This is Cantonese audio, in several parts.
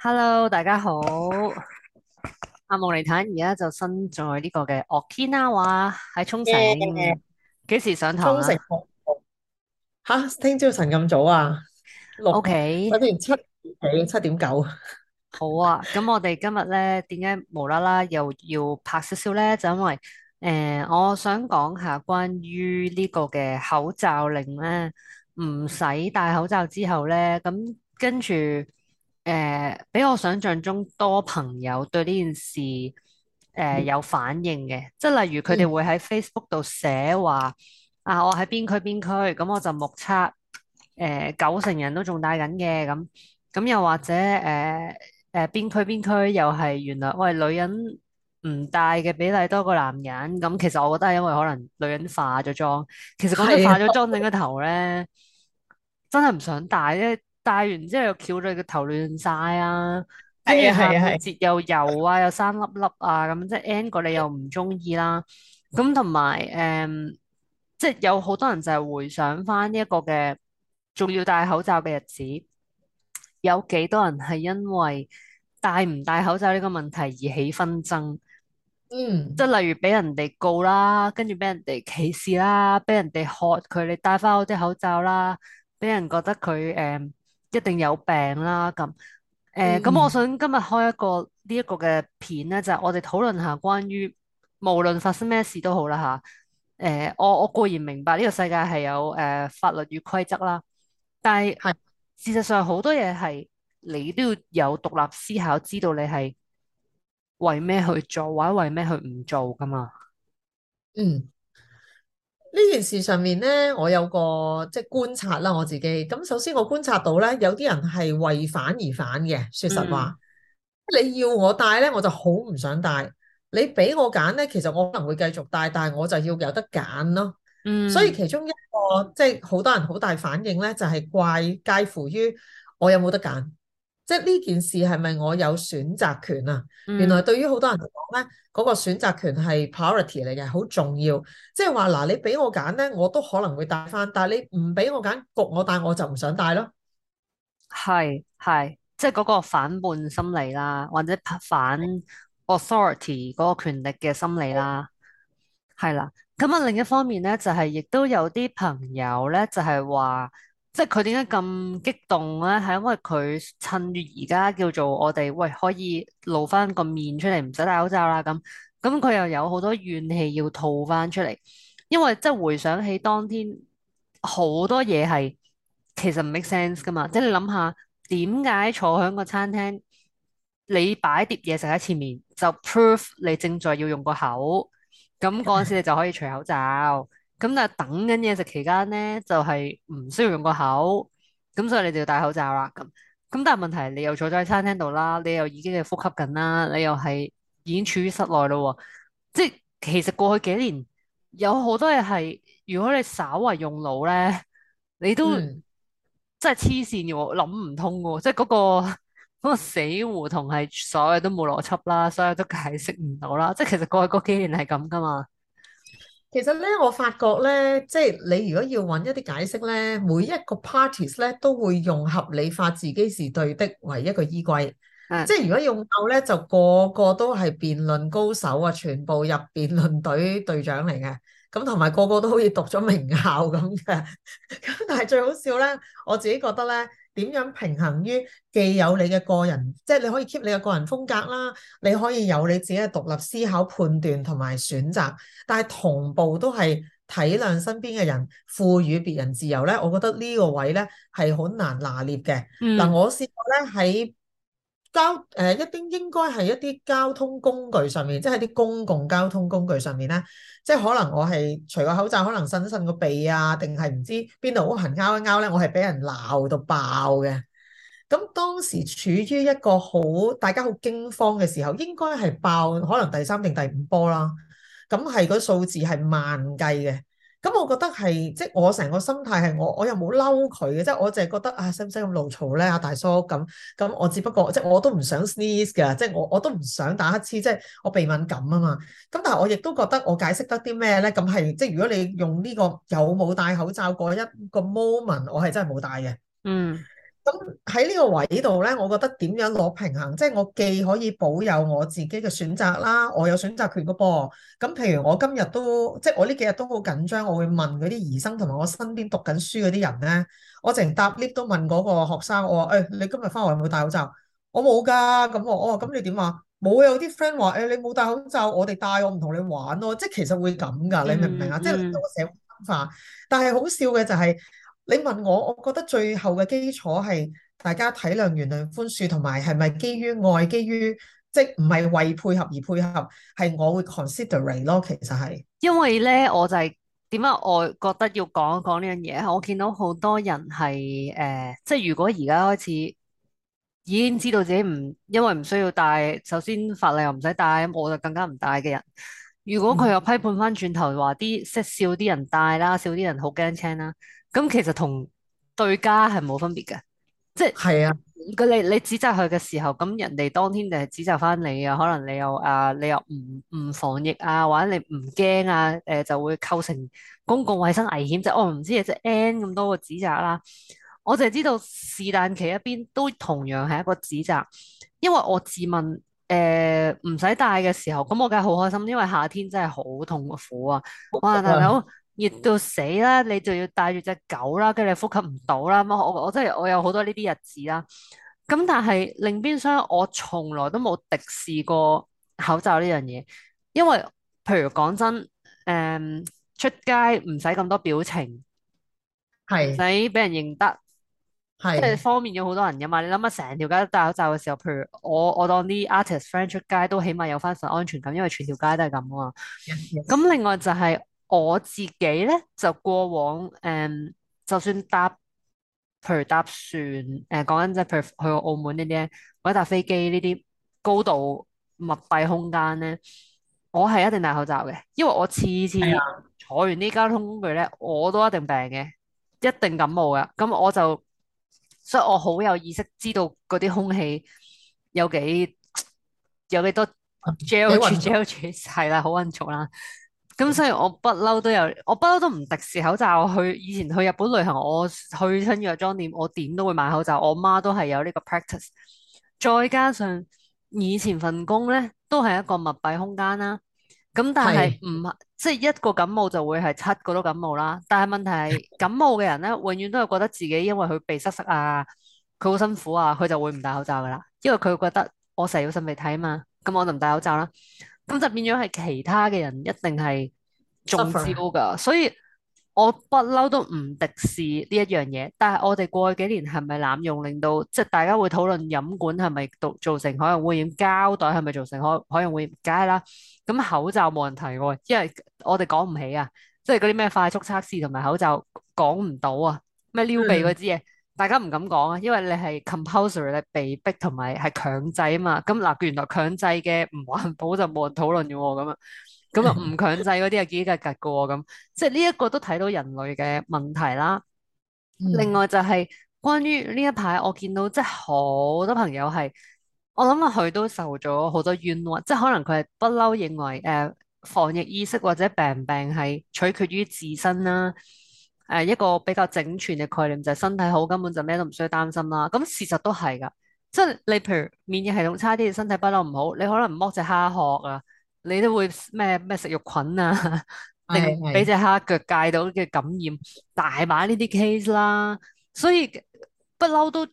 Hello，大家好。阿蒙尼坦而家就身在呢個嘅 Okinawa 喺沖繩，幾 Yeah. 時上台？沖繩吓，聽朝晨咁早啊？六 k Okay. 七點七點九。好啊。咁我哋今日咧，點解無啦啦又要拍少少咧？ 就因為誒、呃，我想講下關於呢個嘅口罩令咧，唔使戴口罩之後咧，咁跟住。誒，uh, 比我想象中多朋友對呢件事誒、uh, mm. 有反應嘅，即係例如佢哋會喺 Facebook 度寫話、mm. 啊，我喺邊區邊區，咁我就目測誒、uh, 九成人都仲戴緊嘅，咁咁又或者誒誒、uh, 邊區邊區又係原來我係女人唔戴嘅比例多過男人，咁其實我覺得係因為可能女人化咗妝，其實講真化咗妝整 個頭咧，真係唔想戴咧。戴完之後，又翹咗，你個頭亂晒啊！跟住夾節又油啊，哎、呀又生粒粒啊，咁、嗯、即係安哥你又唔中意啦。咁同埋誒，即係有好多人就係回想翻呢一個嘅仲要戴口罩嘅日子，有幾多人係因為戴唔戴口罩呢個問題而起紛爭？嗯，即係例如俾人哋告啦，跟住俾人哋歧視啦，俾人哋喝佢，你戴翻我啲口罩啦，俾人覺得佢誒。嗯一定有病啦咁，誒咁，嗯呃、我想今日開一個、這個、呢一個嘅片咧，就係、是、我哋討論下關於無論發生咩事都好啦吓，誒、呃、我我固然明白呢個世界係有誒、呃、法律與規則啦，但係是事實上好多嘢係你都要有獨立思考，知道你係為咩去做或者為咩去唔做㗎嘛，嗯。呢件事上面咧，我有個即係觀察啦，我自己咁首先我觀察到咧，有啲人係為反而反嘅。説實話，嗯、你要我戴咧，我就好唔想戴；你俾我揀咧，其實我可能會繼續戴，但係我就要有得揀咯。嗯，所以其中一個即係好多人好大反應咧，就係、是、怪介乎於我有冇得揀。即係呢件事係咪我有選擇權啊？嗯、原來對於好多人嚟講咧，嗰、嗰個選擇權係 priority 嚟嘅，好重要。即係話嗱，你俾我揀咧，我都可能會戴返；但係你唔俾我揀，焗我戴我就唔想戴咯。係係，即係嗰個反叛心理啦，或者反 authority 嗰個權力嘅心理啦。係、嗯、啦，咁啊另一方面咧，就係、係、亦都有啲朋友咧，就係話。即係佢點解咁激動咧？係因為佢趁住而家叫做我哋喂可以露翻個面出嚟，唔使戴口罩啦咁。咁佢又有好多怨氣要吐翻出嚟，因為即係回想起當天好多嘢係其實唔 make sense 噶嘛。即係你諗下，點解坐喺個餐廳你擺碟嘢食喺前面，就 proof 你正在要用個口。咁嗰陣時你就可以除口罩。 咁但係等緊嘢食期間咧，就係、是、唔需要用個口，咁所以你就要戴口罩啦。咁咁但係問題，你又坐咗喺餐廳度啦，你又已經係呼吸緊啦，你又係已經處於室內咯、啊。即係其實過去幾年有好多嘢係，如果你稍為用腦咧，你都、嗯、真係黐線嘅，諗唔通嘅。即係、那、嗰個、那個死胡同係所有都冇邏輯啦，所有都解釋唔到啦。即係其實過去嗰幾年係咁噶嘛。其實咧，我發覺咧，即係你如果要揾一啲解釋咧，每一個 parties 咧都會用合理化自己是對的為一個依歸。的即係如果用夠咧，就個個都係辯論高手啊，全部入辯論隊隊長嚟嘅。咁同埋個個都好似讀咗名校咁嘅。咁 但係最好笑咧，我自己覺得咧。點樣平衡於既有你嘅個人，即、就、係、是、你可以 keep 你嘅個人風格啦，你可以有你自己嘅獨立思考、判斷同埋選擇，但係同步都係體諒身邊嘅人，賦予別人自由咧。我覺得呢個位咧係好難拿捏嘅。嗱、嗯，我試過咧喺，交誒一啲應該係一啲交通工具上面，即係啲公共交通工具上面咧，即係可能我係除個口罩，可能伸一伸個鼻啊，定係唔知邊度好痕拗一拗咧，我係俾人鬧到爆嘅。咁當時處於一個好大家好驚慌嘅時候，應該係爆可能第三定第五波啦。咁係個數字係萬計嘅。咁我覺得係，即係我成個心態係我，我又冇嬲佢嘅，即係我淨係覺得啊，使唔使咁勞嘈咧？阿、啊、大嫂咁咁，我只不過即係我都唔想 sneeze 㗎，即係我我都唔想打乞嗤，即係我鼻敏感啊嘛。咁但係我亦都覺得我解釋得啲咩咧？咁係即係如果你用呢、呢個有冇戴口罩嗰一個 moment，我係真係冇戴嘅。嗯。咁喺呢個位度咧，我覺得點樣攞平衡？即、就、係、是、我既可以保有我自己嘅選擇啦，我有選擇權嘅噃。咁譬如我今日都，即係我呢幾日都好緊張，我會問嗰啲醫生同埋我身邊讀緊書嗰啲人咧，我成日搭 lift 都問嗰個學生，我話誒、欸、你今日返學有冇戴口罩？我冇㗎，咁我話咁、哦、你點啊？冇，有啲 friend 話誒你冇戴口罩，我哋戴我唔同你玩咯、哦。即係其實會咁㗎，你明唔明啊？嗯嗯、即係社會分化，但係好笑嘅就係、是。你問我，我覺得最後嘅基礎係大家體諒、原諒、寬恕，同埋係咪基於愛、基於即唔係為配合而配合，係我會 consider 咯。其實係因為咧，我就係點解我覺得要講講呢樣嘢。我見到好多人係誒、呃，即如果而家開始已經知道自己唔因為唔需要戴，首先法例又唔使戴，咁我就更加唔戴嘅人。如果佢又批判翻轉頭話啲識笑啲人戴啦，笑啲人好驚青啦。咁其實同對家係冇分別嘅，即係係啊！佢你你指責佢嘅時候，咁人哋當天就係指責翻你啊！可能你又啊，你又唔唔防疫啊，或者你唔驚啊，誒、呃、就會構成公共衞生危險，即我唔知啊，即 N 咁多個指責啦。我淨係知道是但其一邊都同樣係一個指責，因為我自問誒唔使戴嘅時候，咁我梗係好開心，因為夏天真係好痛苦啊！哇，大佬～、嗯熱到死啦，你就要帶住隻狗啦，跟住你呼吸唔到啦。咁我我真係我有好多呢啲日子啦。咁但係另一邊，雖我從來都冇敵視過口罩呢樣嘢，因為譬如講真，誒、嗯、出街唔使咁多表情，係是，使俾人認得，係是，即係方便咗好多人噶嘛。你諗下成條街都戴口罩嘅時候，譬如我我當啲 artist friend 出街，都起碼有翻份安全感，因為全條街都係咁啊嘛。咁另外就係、是。我自己咧就過往誒，就算搭，譬如搭船誒，講緊即係譬如去澳門呢啲咧，或者搭飛機呢啲高度密閉空間咧，我係一定戴口罩嘅，因為我次次坐完啲交通工具咧，我都一定病嘅，一定感冒噶，咁我就，所以我好有意識知道嗰啲空氣有幾有幾多 gel，係啦，好渾濁啦。咁所以我不嬲都有，我不嬲都唔敵視口罩。我去以前去日本旅行，我去親藥妝店，我點都會買口罩。我媽都係有呢個 practice。再加上以前份工咧，都係一個密閉空間啦。咁但係唔是即係一個感冒就會係七個都感冒啦。但係問題係，感冒嘅人咧，永遠都係覺得自己因為佢鼻塞塞啊，佢好辛苦啊，佢就會唔戴口罩噶啦。因為佢覺得我成日要擤鼻涕啊嘛，咁我就唔戴口罩啦。咁就變咗係其他嘅人一定係中招噶，所以我不嬲都唔敵視呢一樣嘢。但係我哋過去幾年係咪濫用，令到即係大家會討論飲管係咪導造成海洋污染，膠袋係咪造成海海洋污染？梗係啦。咁口罩冇人提過，因為我哋講唔起啊，即係嗰啲咩快速測試同埋口罩講唔到啊，咩撩鼻嗰支嘢。嗯大家唔敢講啊，因為你係 compulsory，你被逼同埋係強制啊嘛。咁嗱，原來強制嘅唔環保就冇人討論嘅喎，咁啊，咁啊唔強制嗰啲又幾格格嘅喎，咁即係呢一個都睇到人類嘅問題啦。嗯、另外就係關於呢一排，我見到即係好多朋友係，我諗啊佢都受咗好多冤枉，即係可能佢係不嬲認為誒、呃、防疫意識或者病病係取決於自身啦。誒一個比較整全嘅概念就係身體好，根本就咩都唔需要擔心啦。咁事實都係㗎，即係你譬如免疫系統差啲，身體不嬲唔好，你可能唔剝隻蝦殼啊，你都會咩咩食肉菌啊，定俾隻蝦腳戒到嘅感染， 大把呢啲 case 啦。所以不嬲都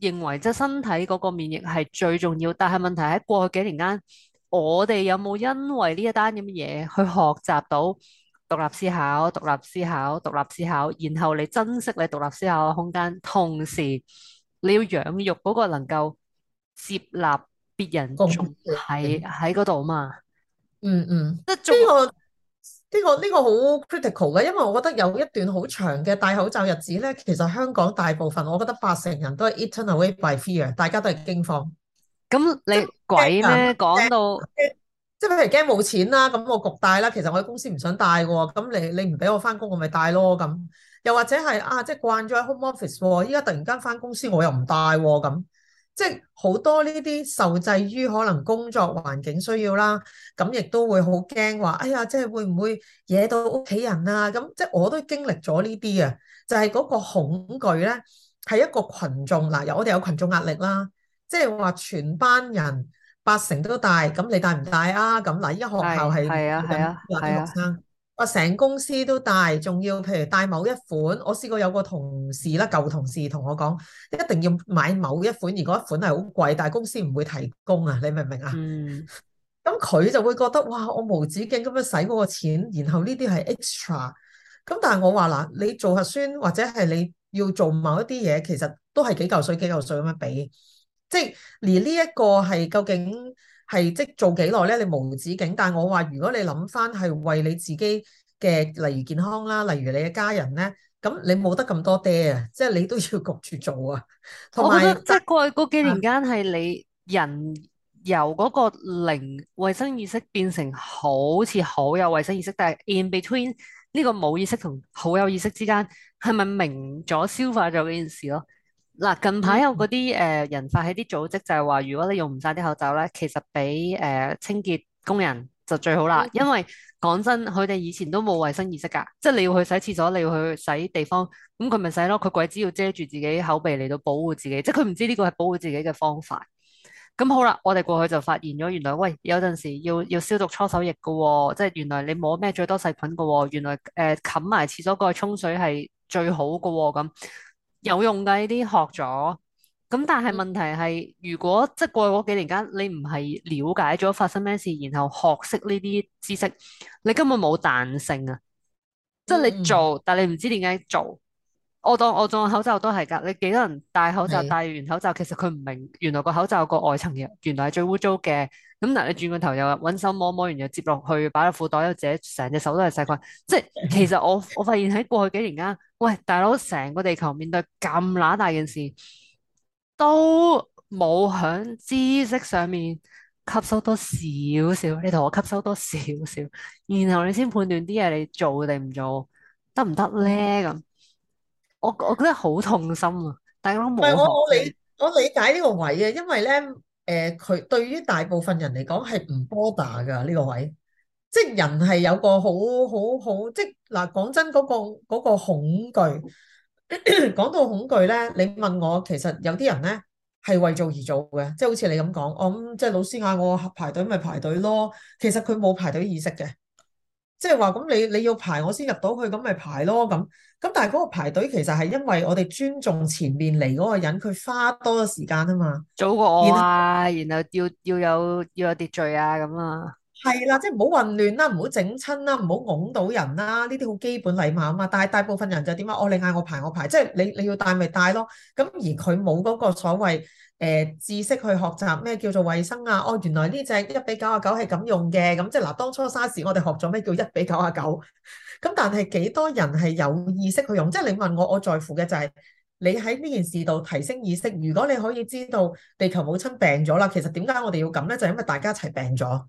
認為即係身體嗰個免疫係最重要，但係問題喺過去幾年間，我哋有冇因為呢一單咁嘅嘢去學習到？獨立思考，獨立思考，獨立思考，然後你珍惜你獨立思考嘅空間，同時你要養育嗰個能夠接納別人喺喺嗰度啊嘛。嗯嗯，呢、嗯還，呢個呢個呢個好 critical 嘅，因為我覺得有一段好長嘅戴口罩日子咧，其實香港大部分，我覺得八成人都係 eaten away by fear，大家都係驚慌。咁你鬼咩講到？嗯嗯嗯嗯嗯嗯即係譬如驚冇錢啦，咁我焗帶啦。其實我喺公司唔想帶嘅，咁你你唔俾我翻工，我咪帶咯。咁又或者係啊，即係慣咗喺 home office，依家突然間翻公司我又唔帶咁，即係好多呢啲受制於可能工作環境需要啦。咁亦都會好驚話，哎呀，即係會唔會惹到屋企人啊？咁即係我都經歷咗呢啲啊，就係嗰個恐懼咧，係一個群眾嗱，我哋有群眾壓力啦，即係話全班人。八成都戴，咁你戴唔戴啊？咁嗱，依家學校係話啲學生，啊。成、啊啊啊、公司都戴，仲要譬如戴某一款。我試過有個同事啦，舊同事同我講，一定要買某一款，而嗰一款係好貴，但係公司唔會提供啊。你明唔明啊？嗯，咁佢就會覺得哇，我無止境咁樣使嗰個錢，然後呢啲係 extra。咁但係我話嗱，你做核酸或者係你要做某一啲嘢，其實都係幾嚿水幾嚿水咁樣俾。即係，連呢一個係究竟係即係做幾耐咧？你無止境。但係我話，如果你諗翻係為你自己嘅，例如健康啦，例如你嘅家人咧，咁你冇得咁多爹啊，即係你都要焗住做啊。同埋我覺得即係過去嗰幾年間係你人由嗰個零衛生意識變成好似好有衛生意識，但係 in between 呢個冇意識同好有意識之間，係咪明咗消化咗呢件事咯？嗱，近排有嗰啲誒人發起啲組織，就係話，如果你用唔晒啲口罩咧，其實俾誒、呃、清潔工人就最好啦。因為講真，佢哋以前都冇衛生意識㗎，即係你要去洗廁所，你要去洗地方，咁佢咪洗咯。佢鬼知要遮住自己口鼻嚟到保護自己，即係佢唔知呢個係保護自己嘅方法。咁好啦，我哋過去就發現咗，原來喂有陣時要要消毒搓手液㗎喎、哦，即係原來你摸咩最多細菌㗎喎、哦，原來誒冚埋廁所過去沖水係最好㗎喎咁。有用㗎呢啲學咗，咁但係問題係，如果即係過去嗰幾年間，你唔係了解咗發生咩事，然後學識呢啲知識，你根本冇彈性啊！即係你做，但係你唔知點解做。我當我當口罩都係㗎，你幾多人戴口罩的戴完口罩，其實佢唔明原來個口罩個外層嘅原來係最污糟嘅。咁嗱，嗯、你轉個頭又搵手摸摸，完又接落去，擺喺褲袋，又自己成隻手都係細菌。即係其實我我發現喺過去幾年間，喂，大佬，成個地球面對咁乸大件事，都冇喺知識上面吸收多少少，你同我吸收多少少，然後你先判斷啲嘢你做定唔做得唔得咧咁。我我覺得好痛心啊！大佬，唔係我我理我理解呢個位啊，因為咧。誒佢、呃、對於大部分人嚟講係唔 bother 㗎呢個位，即係人係有個好好好，即係嗱講真嗰、嗰個嗰個恐懼。 講到恐懼咧，你問我其實有啲人咧係為做而做嘅，即係好似你咁講，我、哦、咁、嗯、即係老師嗌我排隊咪排隊咯，其實佢冇排隊意識嘅。即係話咁，你你要排我先入到去，咁咪排咯咁。咁但係嗰個排隊其實係因為我哋尊重前面嚟嗰個人，佢花多咗時間啊嘛，早過我啊，然後，然後要要有要有秩序啊咁啊。係啦，即係唔好混亂啦，唔好整親啦，唔好㧬到人啦，呢啲好基本禮貌啊嘛。但係大部分人就點啊？哦，你嗌我排我排，即係你你要戴咪戴咯。咁而佢冇嗰個所謂誒知識去學習咩叫做衛生啊？哦，原來呢隻一比九十九係咁用嘅。咁即係嗱，當初沙士我哋學咗咩叫一比九十九？咁但係幾多人係有意識去用？即係你問我，我在乎嘅就係你喺呢件事度提升意識。如果你可以知道地球母親病咗啦，其實點解我哋要咁咧？就係因為大家一齊病咗。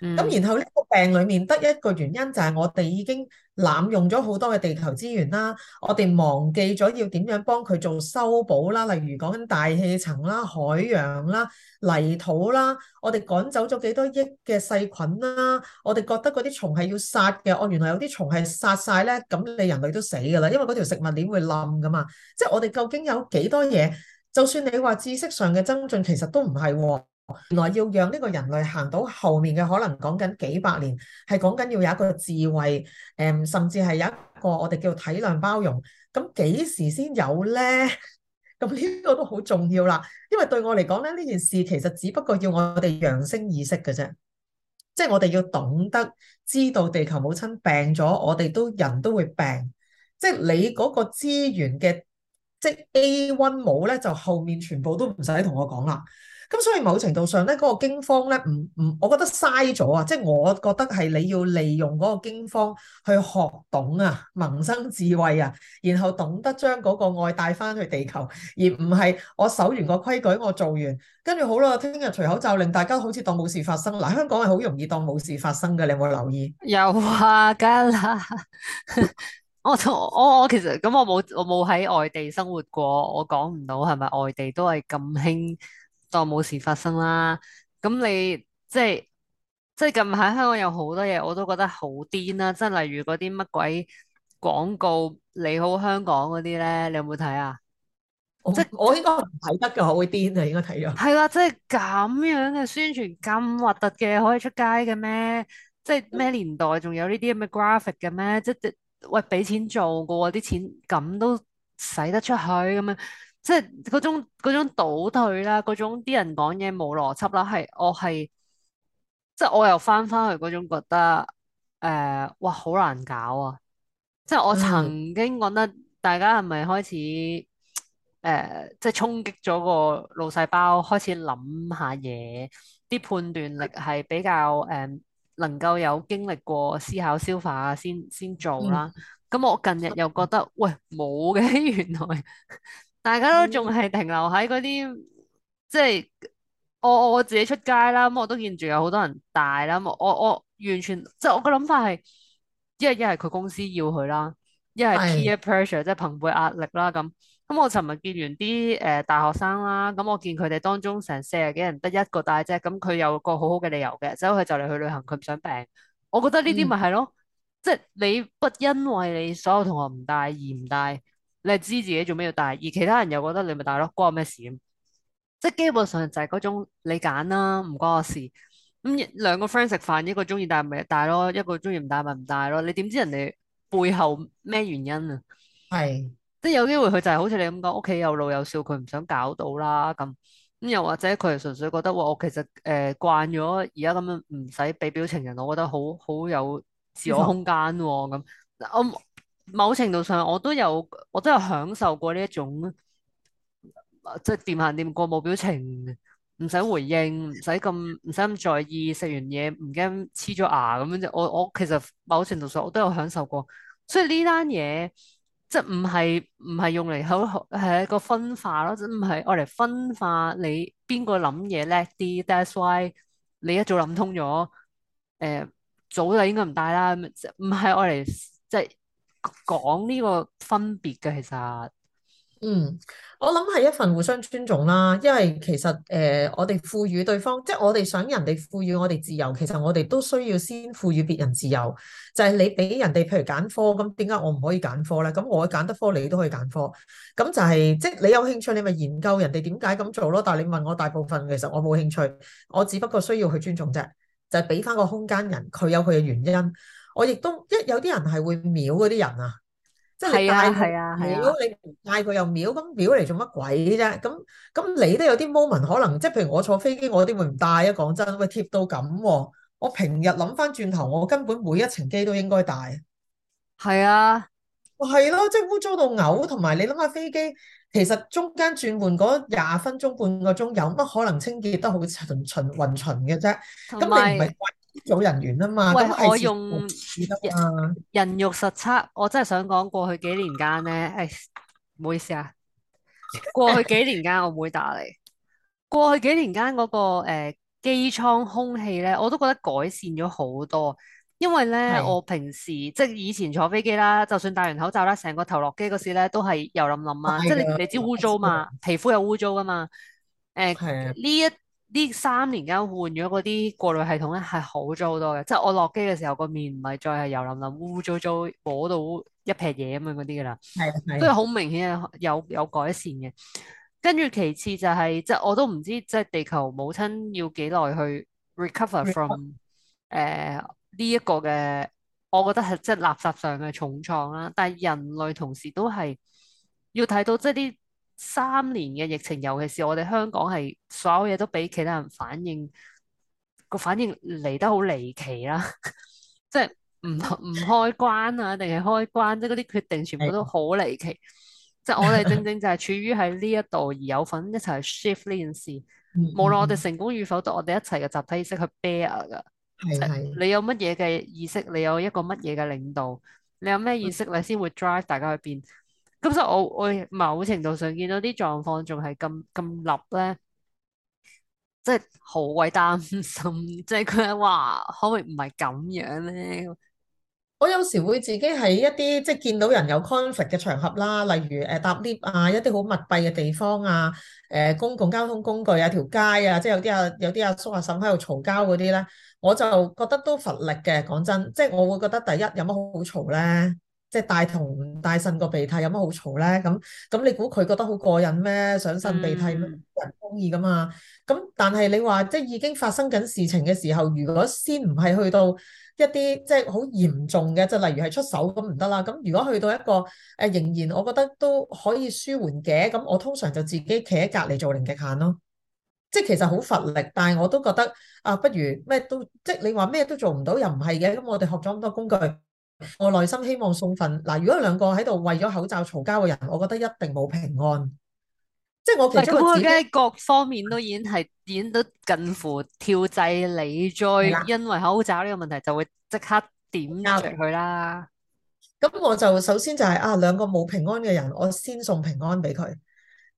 咁、嗯、然後呢個病裡面得一個原因就係我哋已經濫用咗好多嘅地球資源啦，我哋忘記咗要點樣幫佢做修補啦，例如講緊大氣層啦、海洋啦、泥土啦，我哋趕走咗幾多億嘅細菌啦，我哋覺得嗰啲蟲係要殺嘅，哦，原來有啲蟲係殺晒咧，咁你人類都死㗎啦，因為嗰條食物鏈會冧㗎嘛，即係我哋究竟有幾多嘢？就算你話知識上嘅增進，其實都唔係喎。原來要讓呢個人類行到後面嘅可能講緊幾百年，係講緊要有一個智慧，誒，甚至係有一個我哋叫體諒包容。咁幾時先有咧？咁呢個都好重要啦。因為對我嚟講咧，呢件事其實只不過要我哋揚升意識嘅啫，即係我哋要懂得知道地球母親病咗，我哋都人都會病。即係你嗰個資源嘅，即係 A1 母咧，就後面全部都唔使同我講啦。咁所以某程度上咧，嗰個驚慌咧，唔唔，我覺得嘥咗啊！即係我覺得係你要利用嗰個驚慌去學懂啊，萌生智慧啊，然後懂得將嗰個愛帶翻去地球，而唔係我守完個規矩，我做完，跟住好啦，聽日除口罩令大家好似當冇事發生。嗱，香港係好容易當冇事發生嘅，你有冇留意？有啊，梗 啦！我我我其實咁，我冇我冇喺外地生活過，我講唔到係咪外地都係咁興。當冇事發生啦，咁你即係即係近排香港有好多嘢，我都覺得好癲啦！即係例如嗰啲乜鬼廣告《你好香港》嗰啲咧，你有冇睇啊？即係我應該唔睇得嘅，我會癲啊！應該睇咗。係啦，即係咁樣嘅宣傳咁核突嘅，可以出街嘅咩？即係咩年代仲有呢啲咁嘅 graphic 嘅咩？即係喂，俾錢做過喎，啲錢咁都使得出去咁樣。即係嗰種、嗰種倒退啦，嗰種啲人講嘢冇邏輯啦，係我係即係我又返返去嗰種覺得誒、呃，哇好難搞啊！即係我曾經覺得大家係咪開始誒、呃，即係衝擊咗個腦細胞，開始諗下嘢，啲判斷力係比較誒、呃、能夠有經歷過思考消化先先做啦。咁、嗯、我近日又覺得喂冇嘅，原來、嗯。大家都仲係停留喺嗰啲，嗯、即係我我自己出街啦，咁、嗯、我都見住有好多人帶啦、嗯，我我完全即係、就是、我嘅諗法係，一係一係佢公司要佢啦，一係 peer pressure 是即係朋輩壓力啦，咁咁、嗯、我尋日見完啲誒、呃、大學生啦，咁、嗯、我見佢哋當中成四十幾人得一個帶啫，咁、嗯、佢有個好好嘅理由嘅，所以佢就嚟,去旅行，佢唔想病，我覺得呢啲咪係咯，嗯、即係你不因為你所有同學唔帶而唔帶。你係知自己做咩要帶，而其他人又覺得你咪帶咯，關我咩事？即係基本上就係嗰種你揀啦，唔關我事。咁兩個 friend 食飯，一個中意帶咪帶咯，一個中意唔帶咪唔帶咯。你點知人哋背後咩原因啊？係是，即係有機會佢就係好似你咁講，屋企有老有少，佢唔想搞到啦咁。咁又或者佢係純粹覺得，我其實誒、呃、慣咗而家咁樣唔使俾表情人，我覺得好好有自我空間喎、哦、咁。我某程度上，我都有我都有享受過呢一種，即係掂行掂過冇表情，唔使回應，唔使咁唔使咁在意，食完嘢唔驚黐咗牙咁樣啫。我我其實某程度上我都有享受過，所以呢單嘢即係唔係唔係用嚟好係一個分化咯，即唔係愛嚟分化你邊個諗嘢叻啲。That's why 你一早諗通咗，誒、呃，早就應該唔帶啦，唔係愛嚟即係。即講呢個分別嘅，其實，嗯，我諗係一份互相尊重啦。因為其實，誒、呃，我哋賦予對方，即係我哋想人哋賦予我哋自由，其實我哋都需要先賦予別人自由。就係、是、你俾人哋，譬如揀科，咁點解我唔可以揀科咧？咁我揀得科，你都可以揀科。咁就係、是，即係你有興趣，你咪研究人哋點解咁做咯。但係你問我大部分，其實我冇興趣，我只不過需要去尊重啫。就係俾翻個空間人，佢有佢嘅原因。我亦都一有啲人係會秒嗰啲人啊，即係戴，如果、啊啊啊、你唔戴佢又秒，咁秒嚟做乜鬼啫？咁咁你都有啲 moment 可能，即係譬如我坐飛機，我啲會唔戴啊？講真，喂貼到咁，我平日諗返轉頭，我根本每一程機都應該戴。係啊，係咯、啊，即係污糟到嘔，同埋你諗下飛機，其實中間轉換嗰廿分鐘半個鐘，有乜可能清潔得好純純勻純嘅啫？咁有你唔係。啲組人員啊嘛，嘛喂，我用人肉實測，我真係想講過去幾年間咧，誒、哎，唔好意思啊，過去幾年間我唔會打你。 過去幾年間嗰、那個誒、呃、機艙空氣咧，我都覺得改善咗好多。因為咧，的我平時即係以前坐飛機啦，就算戴完口罩啦，成個頭落機嗰時咧，都係油淋淋啊，的即係你你知污糟嘛，的皮膚有污糟㗎嘛。誒、呃，呢一的呢三年間換咗嗰啲過濾系統咧，係好咗好多嘅。即係我落機嘅時候，個面唔係再係油淋淋、污糟糟，摸到一撇嘢咁樣嗰啲㗎啦。係啦，係。都係好明顯有有改善嘅。跟住其次就係、是，即係我都唔知，即係地球母親要幾耐去 recover from 誒呢一個嘅，我覺得係即係垃圾上嘅重創啦。但係人類同時都係要睇到即係啲。三年嘅疫情，尤其是我哋香港係所有嘢都畀其他人反應個反應嚟得好離奇啦，即係唔唔開關啊，定係開關，即係嗰啲決定全部都好離奇。 即係我哋正正就係處於喺呢一度而有份一齊去 shift 呢件事，無論我哋成功與否，都我哋一齊嘅集體意識去 bear 噶。 嗯、你有乜嘢嘅意識？你有一個乜嘢嘅領導？你有咩意識？你先、嗯、會 drive 大家去變。咁所以我我、哎、某程度上見到啲狀況仲係咁咁立咧，即係好鬼擔心，即係佢話可唔可以唔係咁樣咧？我有時會自己喺一啲即係見到人有 conflict 嘅場合啦，例如誒搭 lift 啊一啲好密閉嘅地方啊，誒公共交通工具啊、條街啊，即係有啲阿、啊、有啲阿、啊啊、叔阿、啊、嬸喺度嘈交嗰啲咧，我就覺得都乏力嘅。講真，即、就、係、是、我會覺得第一有乜好嘈咧？即係大同大擤個鼻涕有乜好嘈咧？咁咁你估佢覺得好過癮咩？想擤鼻涕咩？人中意噶嘛？咁但係你話即係已經發生緊事情嘅時候，如果先唔係去到一啲即係好嚴重嘅，即係例如係出手咁唔得啦。咁如果去到一個誒、啊、仍然，我覺得都可以舒緩嘅，咁我通常就自己企喺隔離做零極限咯。即係其實好乏力，但係我都覺得啊，不如咩都即係你話咩都做唔到又唔係嘅，咁我哋學咗咁多工具。我內心希望送份嗱、啊，如果兩個喺度為咗口罩嘈交嘅人，我覺得一定冇平安。即係我其中一個。嗰各方面都已經係演得近乎跳掣，你再因為口罩呢個問題，就會即刻點住佢啦。咁的我就首先就係、是、啊，兩個冇平安嘅人，我先送平安俾佢。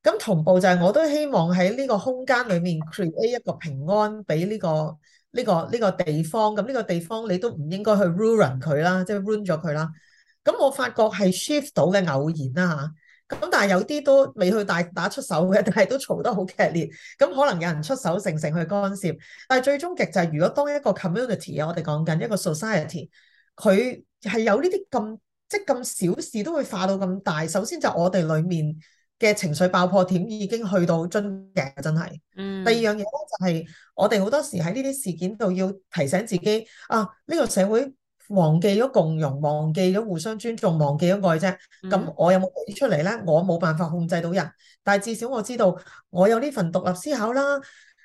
咁同步就係我都希望喺呢個空間裏面 create 一個平安俾呢、這個。呢個呢個地方，咁呢個地方你都唔應該去 ruin 佢啦，即係 ruin 咗佢啦。咁我發覺係 shift 到嘅偶然啦嚇。咁但係有啲都未去大打出手嘅，但係都嘈得好劇烈。咁可能有人出手成成去干涉，但係最終極就係如果當一個 community 啊，我哋講緊一個 society，佢係有呢啲咁即係咁小事都會化到咁大。首先就我哋裡面。嘅情緒爆破點已經去到樽頸，真係。Mm hmm. 第二樣嘢咧就係、是、我哋好多時喺呢啲事件度要提醒自己啊！呢、這個社會忘記咗共融，忘記咗互相尊重，忘記咗愛啫。咁、mm hmm. 我有冇畀出嚟咧？我冇辦法控制到人，但係至少我知道我有呢份獨立思考啦。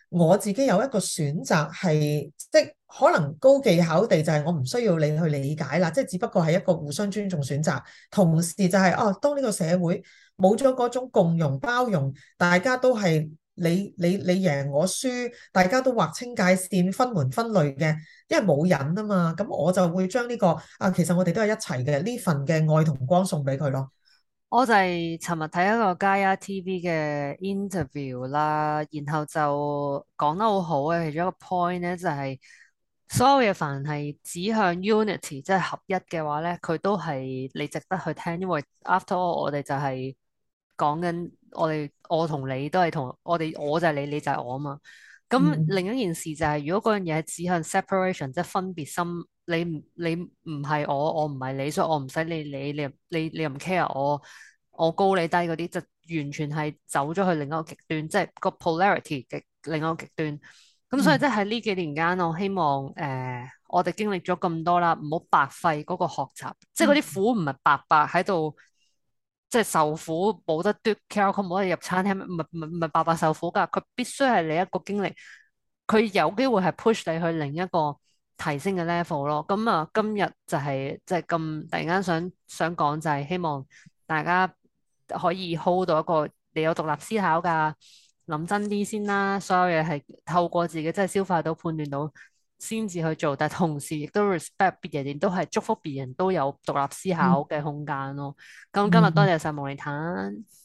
我自己有一個選擇係，即、就是、可能高技巧地就係我唔需要你去理解啦，即、就、係、是、只不過係一個互相尊重選擇。同時就係、是、哦、啊，當呢個社會，冇咗嗰種共融包容，大家都係你你你贏我輸，大家都劃清界線，分門分類嘅，因為冇人啊嘛。咁我就會將呢、這個啊，其實我哋都係一齊嘅呢份嘅愛同光送俾佢咯。我就係尋日睇一個 Gaia TV 嘅 interview 啦，然後就講得好好嘅，其中一個 point 咧就係、是、所有嘢凡係指向 unity，即係合一嘅話咧，佢都係你值得去聽，因為 after all 我哋就係、是。講緊我哋，我同你都係同我哋，我就係你，你就係我啊嘛。咁、嗯、另一件事就係、是，如果嗰樣嘢指向 separation，即係分別心，你唔你唔係我，我唔係你，所以我唔使理你，你又你你又唔 care 我，我高你低嗰啲，就完全係走咗去另一個極端，即、就、係、是、個 polarity 嘅另一個極端。咁、嗯、所以即係喺呢幾年間，我希望誒、呃、我哋經歷咗咁多啦，唔好白費嗰個學習，即係嗰啲苦唔係白白喺度。即係受苦冇得嘟，佢冇可以入餐廳，唔係唔係白白受苦㗎。佢必須係你一個經歷，佢有機會係 push 你去另一個提升嘅 level 咯。咁、嗯、啊，今日就係即係咁，就是、突然間想想講就係希望大家可以 hold 到一個你有獨立思考㗎，諗真啲先啦。所有嘢係透過自己即係消化到判斷到，先至去做，但同時亦都 respect 別人，亦都係祝福別人都有獨立思考嘅空間咯、哦。咁、嗯、今日多謝晒，蒙利坦，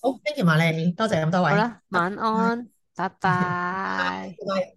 好 thank you m a 多謝咁多位。好啦，晚安，拜拜。拜拜拜拜。